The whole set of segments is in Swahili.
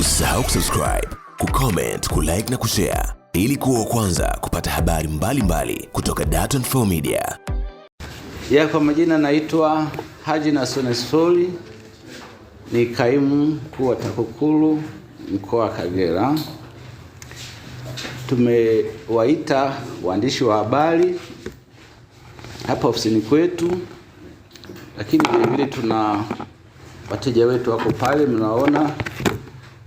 Usisahau kusubscribe, kucomment, kulike na kushare ili kuwa kwanza kupata habari mbalimbali mbali kutoka Dar24 Media. Ya kwa majina naitwa Haji Nassor ni kaimu mkuu wa mkoa wa Kagera. Tumewaita waandishi wa habari hapa ofisini kwetu, lakini vilevile tuna wateja wetu wako pale, mnaona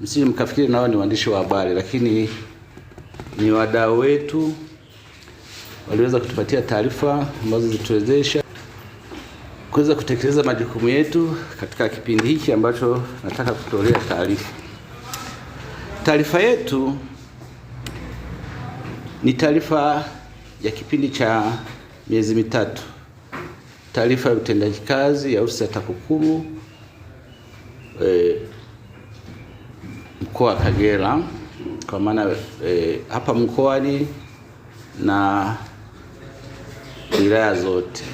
msije mkafikiri nao ni waandishi wa habari, lakini ni wadau wetu, waliweza kutupatia taarifa ambazo zituwezesha kuweza kutekeleza majukumu yetu katika kipindi hiki ambacho nataka kutolea taarifa. Taarifa yetu ni taarifa ya kipindi cha miezi mitatu, taarifa ya utendaji kazi ya ofisi ya TAKUKURU eh, mkoa wa Kagera kwa maana e, hapa mkoani na wilaya zote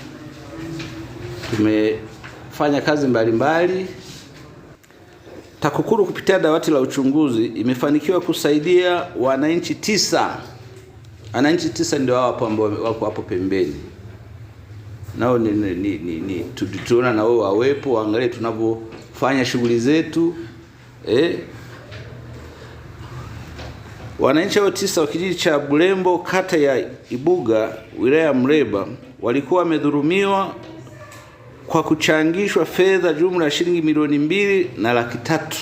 tumefanya kazi mbalimbali mbali. TAKUKURU kupitia dawati la uchunguzi imefanikiwa kusaidia wananchi tisa. Wananchi tisa ndio hao hapo ambao wako hapo pembeni, nao ni, ni, ni, ni tuona na wao wawepo, waangalie tunavyofanya shughuli zetu eh. Wananchi hao tisa wa kijiji cha Bulembo kata ya Ibuga wilaya ya Muleba walikuwa wamedhulumiwa kwa kuchangishwa fedha jumla ya shilingi milioni mbili na laki tatu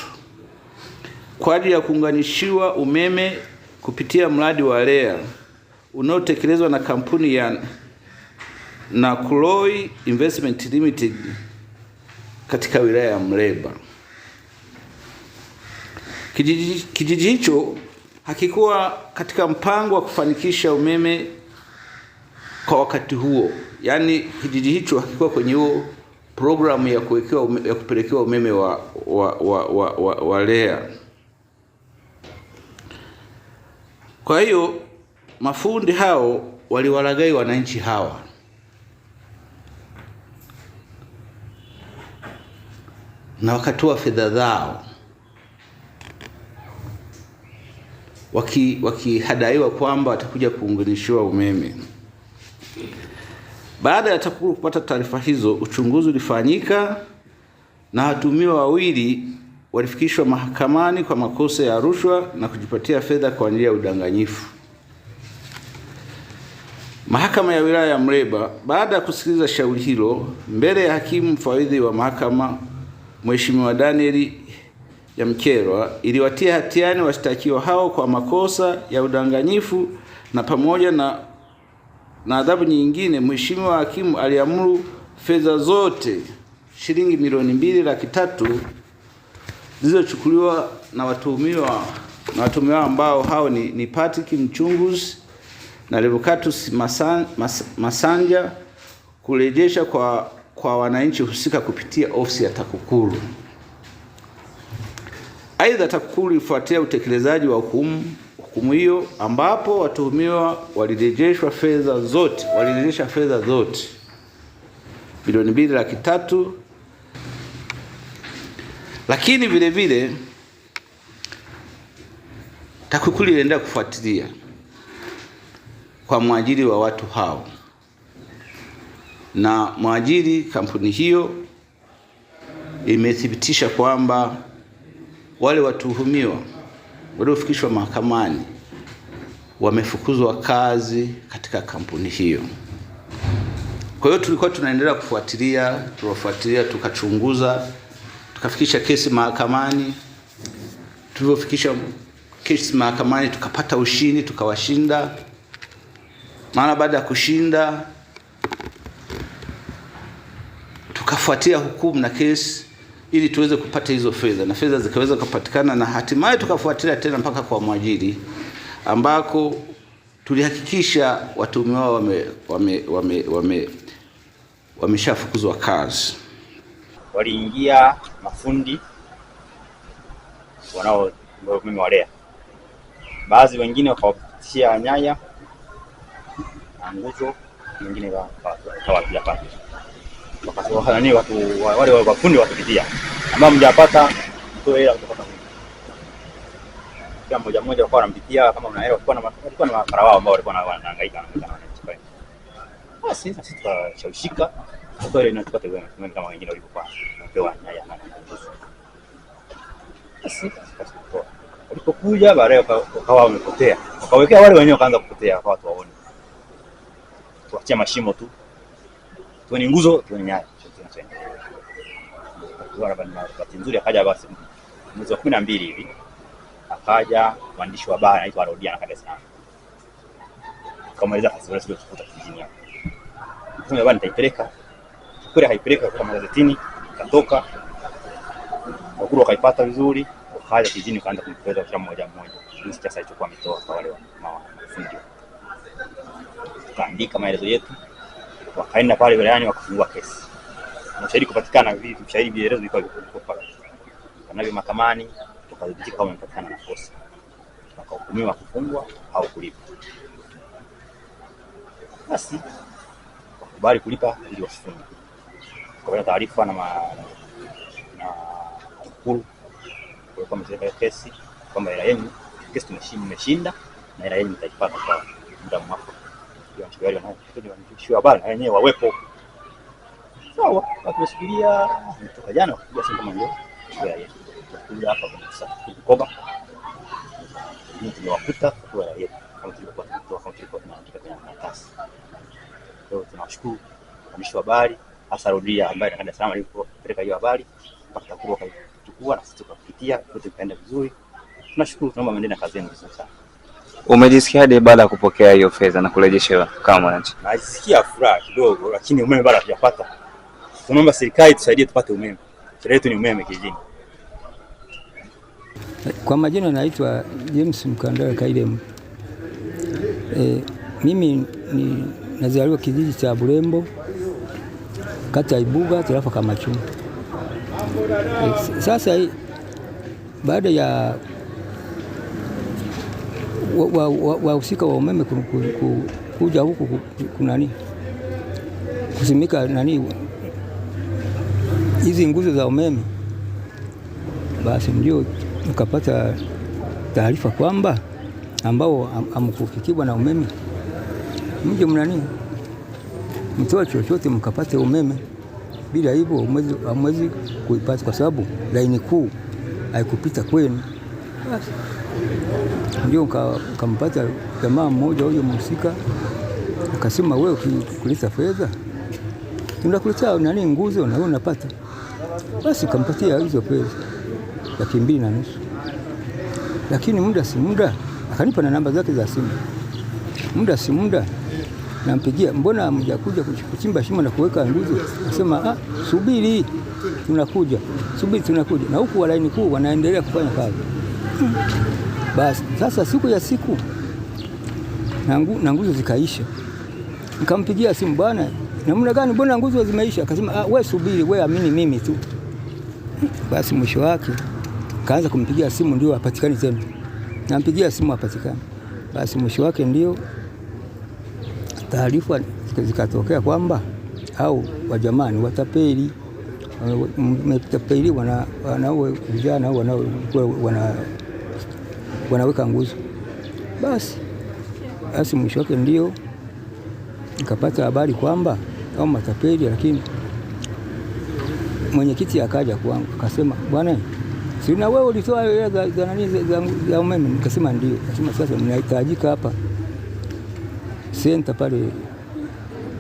kwa ajili ya kuunganishiwa umeme kupitia mradi wa REA unaotekelezwa na kampuni ya Nakuloi Investment Limited katika wilaya ya Muleba. Kijiji hicho hakikuwa katika mpango wa kufanikisha umeme kwa wakati huo, yaani kijiji hicho hakikuwa kwenye huo programu ya kuwekewa ya kupelekewa umeme wa wa, wa, wa, wa, wa REA. Kwa hiyo mafundi hao waliwalagai wananchi hawa na wakatoa fedha zao. wakihadaiwa waki kwamba watakuja kuunganishiwa umeme. Baada ya TAKUKURU kupata taarifa hizo, uchunguzi ulifanyika na watuhumiwa wawili walifikishwa mahakamani kwa makosa ya rushwa na kujipatia fedha kwa njia ya udanganyifu. Mahakama ya wilaya ya mreba baada ya kusikiliza shauri hilo mbele ya hakimu mfawidhi wa mahakama Mheshimiwa Daniel ya Mkerwa ah, iliwatia hatiani washtakiwa hao kwa makosa ya udanganyifu na pamoja na na adhabu nyingine, mheshimiwa hakimu aliamuru fedha zote shilingi milioni mbili laki tatu zilizochukuliwa na watuhumiwa na watuhumiwa ambao hao ni, ni Patrick Mchunguzi na Revocatus Masanja, Masanja kurejesha kwa, kwa wananchi husika kupitia ofisi ya TAKUKURU. Aidha, TAKUKURU ilifuatia utekelezaji wa hukumu hukumu hiyo ambapo watuhumiwa walirejeshwa fedha zote walirejesha fedha zote bilioni mbili laki tatu, lakini vile vile TAKUKURU iliendelea kufuatilia kwa mwajiri wa watu hao na mwajiri kampuni hiyo imethibitisha kwamba wale watuhumiwa waliofikishwa mahakamani wamefukuzwa kazi katika kampuni hiyo. Kwa hiyo tulikuwa tunaendelea kufuatilia, tuwafuatilia tukachunguza, tukafikisha kesi mahakamani. Tulivyofikisha kesi mahakamani, tukapata ushindi, tukawashinda. Maana baada ya kushinda, tukafuatia hukumu na kesi ili tuweze kupata hizo fedha na fedha zikaweza kupatikana, na hatimaye tukafuatilia tena mpaka kwa mwajiri ambako tulihakikisha watuhumiwa wao wame, wame, wame, wame kazi. Waliingia mafundi walea, baadhi wengine wakawapitishia nyaya na nguzo, wengine wakawapia paa nani watu wale wafundi watupitia, ambao mjapata kutoa hela kutoka kwa kila moja moja kwa anampitia kama una hela kwa na walikuwa na mara wao ambao walikuwa wanahangaika na wanachukua. Basi sisi tutashawishika kwa ile inachukua tena kama kama wengine walivyokuwa kwa nyaya na basi walipokuja baadaye wakawa wamepotea, wakawekea wale wenyewe wakaanza kupotea kwa watu waone, tuachia mashimo tu tuweni nguzo, tuweni nyayo. Bahati nzuri akaja basi mwezi wa kumi na mbili hivi akaja mwandishi wa habari anaitwa Rodia, akaja sana kamaliza kazi zile zilizokuta kijijini hapo, kama bwana nitaipeleka kule, haipeleka kwa magazetini, katoka wakuru wakaipata vizuri, wakaja kijijini, kaanza kumpeleza kila mmoja mmoja, jinsi sasa ilichokuwa ametoa kwa wale wa mafundi, tukaandika maelezo yetu wakaenda pale wilayani wakafungua kesi na ushahidi kupatikana, vitu ushahidi vielelezo vilikuwa viko navyo mahakamani, tukadhibitika kama amepatikana na kosa, wakahukumiwa kufungwa au kulipa. Basi wakubali kulipa ili wasifungwe. Tukapata taarifa na na kukuru kwa kulikuwa mepeleka kesi kwamba hela yenu kesi tumeshinda na hela yenu mtaipata kwa muda mwafaka wale wa habari na wenyewe wawepo. Sawa, tumeshikilia toka jana kuja sasa kama leo. Kuja hapa kwa sasa mkoba. Ni tumewakuta kwa raia kama tulikuwa tunatoa kama tulikuwa tunaandika kwenye karatasi. Leo tunashukuru mwandishi wa habari hasa Rodia ambaye anakaa salama yuko peleka hiyo habari mpaka TAKUKURU wakaichukua na sisi tukapitia kote kaenda vizuri. Tunashukuru, tunaomba mwendelee na kazi yenu vizuri sana. Umejisikiaje baada ya kupokea hiyo fedha na kurejeshewa kama mwananchi? Najisikia furaha kidogo, lakini umeme bado hatujapata. Tunaomba serikali tusaidie tupate umeme. Shida yetu ni umeme kijijini. Kwa majina naitwa James Mkandawe Kailemu. E, mimi ni nazaliwa kijiji cha Bulembo kata ya Ibuga tarafa Kamachuma. E, sasa baada ya wahusika wa, wa, wa umeme ku, ku, ku, kuja huku ku, ku, nani kusimika nani hizi nguzo za umeme, basi ndio ukapata taarifa kwamba ambao amkufikiwa na umeme mje mnani mtoa chochote mkapate umeme. Bila hivyo amwezi kuipata, kwa sababu laini kuu haikupita kwenu basi ndio kampata jamaa mmoja huyo mhusika akasema, wewe kuleta fedha unakuletea nani nguzo na wewe unapata. Basi kampatia hizo pesa laki mbili na nusu, lakini muda si muda akanipa na namba zake za simu. Muda si muda nampigia, mbona mjakuja kuchimba shimo na kuweka nguzo? Akasema ah, subiri tunakuja, subiri tunakuja. Na huku walaini kuu wanaendelea kufanya kazi. Basi sasa siku ya siku na nguzo zikaisha, nikampigia simu, bwana, namna gani, mbona nguzo zimeisha? Akasema ah, wewe subiri, wewe amini mimi tu. Basi mwisho wake kaanza kumpigia simu, ndio apatikani tena, nampigia simu apatikani. Basi mwisho wake ndio taarifa zikatokea kwamba au wajamani watapeli, mtapeli wana vijana wana wanaweka nguzo. Basi basi mwisho wake ndio nikapata habari kwamba au matapeli, lakini mwenyekiti akaja kwangu akasema, bwana si na wewe ulitoa ile za nani za umeme? Nikasema ndio. Akasema sasa ninahitajika hapa senta pale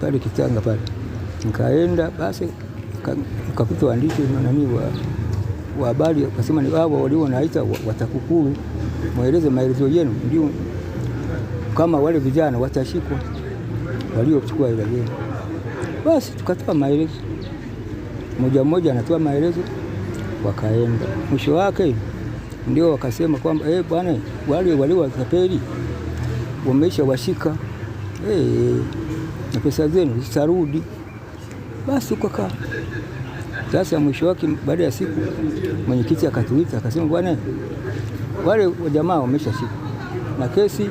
pale Kitanga pale. Nikaenda basi nikakuta waandishi nani wa habari, akasema ni wao ah, walio naita watakukuru mweleze maelezo yenu, ndio kama wale vijana watashikwa waliochukua hela yenu. Basi tukatoa maelezo, moja mmoja anatoa maelezo, wakaenda. Mwisho wake ndio wakasema kwamba eh, bwana wale wale watapeli wameisha washika eh, na pesa zenu zitarudi. Basi ukakaa sasa. Mwisho wake baada ya siku mwenyekiti akatuita akasema, bwana wale jamaa siku na kesi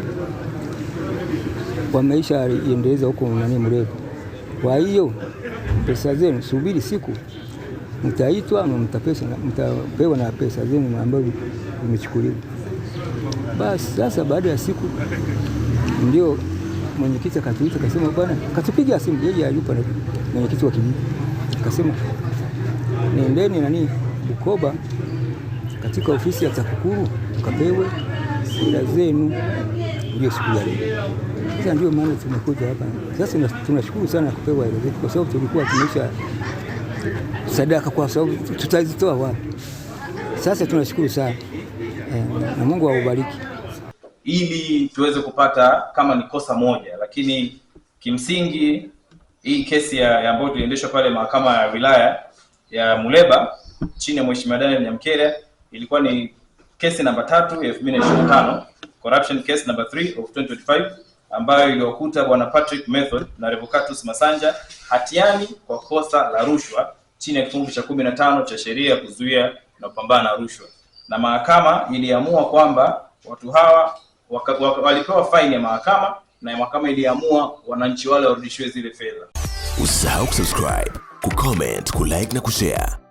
wameisha iendeleza huko nani mrefu. Kwa hiyo pesa zenu, subiri siku mtaitwa, mtapewa na pesa zenu ambayo imechukuliwa. Basi sasa, baada ya siku ndio mwenyekiti akatuita, akasema bwana, katupiga simu yeye ayupa na mwenyekiti wa kijiji akasema, nendeni nani Bukoba katika ofisi ya TAKUKURU tukapewe sera zenu ndio siku ya leo. Sasa ndio maana tumekuja hapa. Sasa tunashukuru sana kupewa hela zetu, kwa sababu tulikuwa tumeisha sadaka, kwa sababu tutazitoa wapi? Sasa tunashukuru sana eh, na Mungu awabariki, ili tuweze kupata kama ni kosa moja, lakini kimsingi hii kesi ambayo tuliendeshwa pale mahakama ya wilaya ya Muleba chini ya Mheshimiwa Daniel Nyamkere ilikuwa ni kesi namba tatu ya 2025 corruption case number 3 of 2025 ambayo iliwakuta bwana Patrick Method na Revocatus Masanja hatiani kwa kosa la rushwa chini ya kifungu cha 15 cha sheria ya kuzuia na kupambana na rushwa, na mahakama iliamua kwamba watu hawa waka, waka, walipewa faini ya mahakama na mahakama iliamua wananchi wale warudishiwe zile fedha. Usisahau kusubscribe, kucomment, kulike na kushare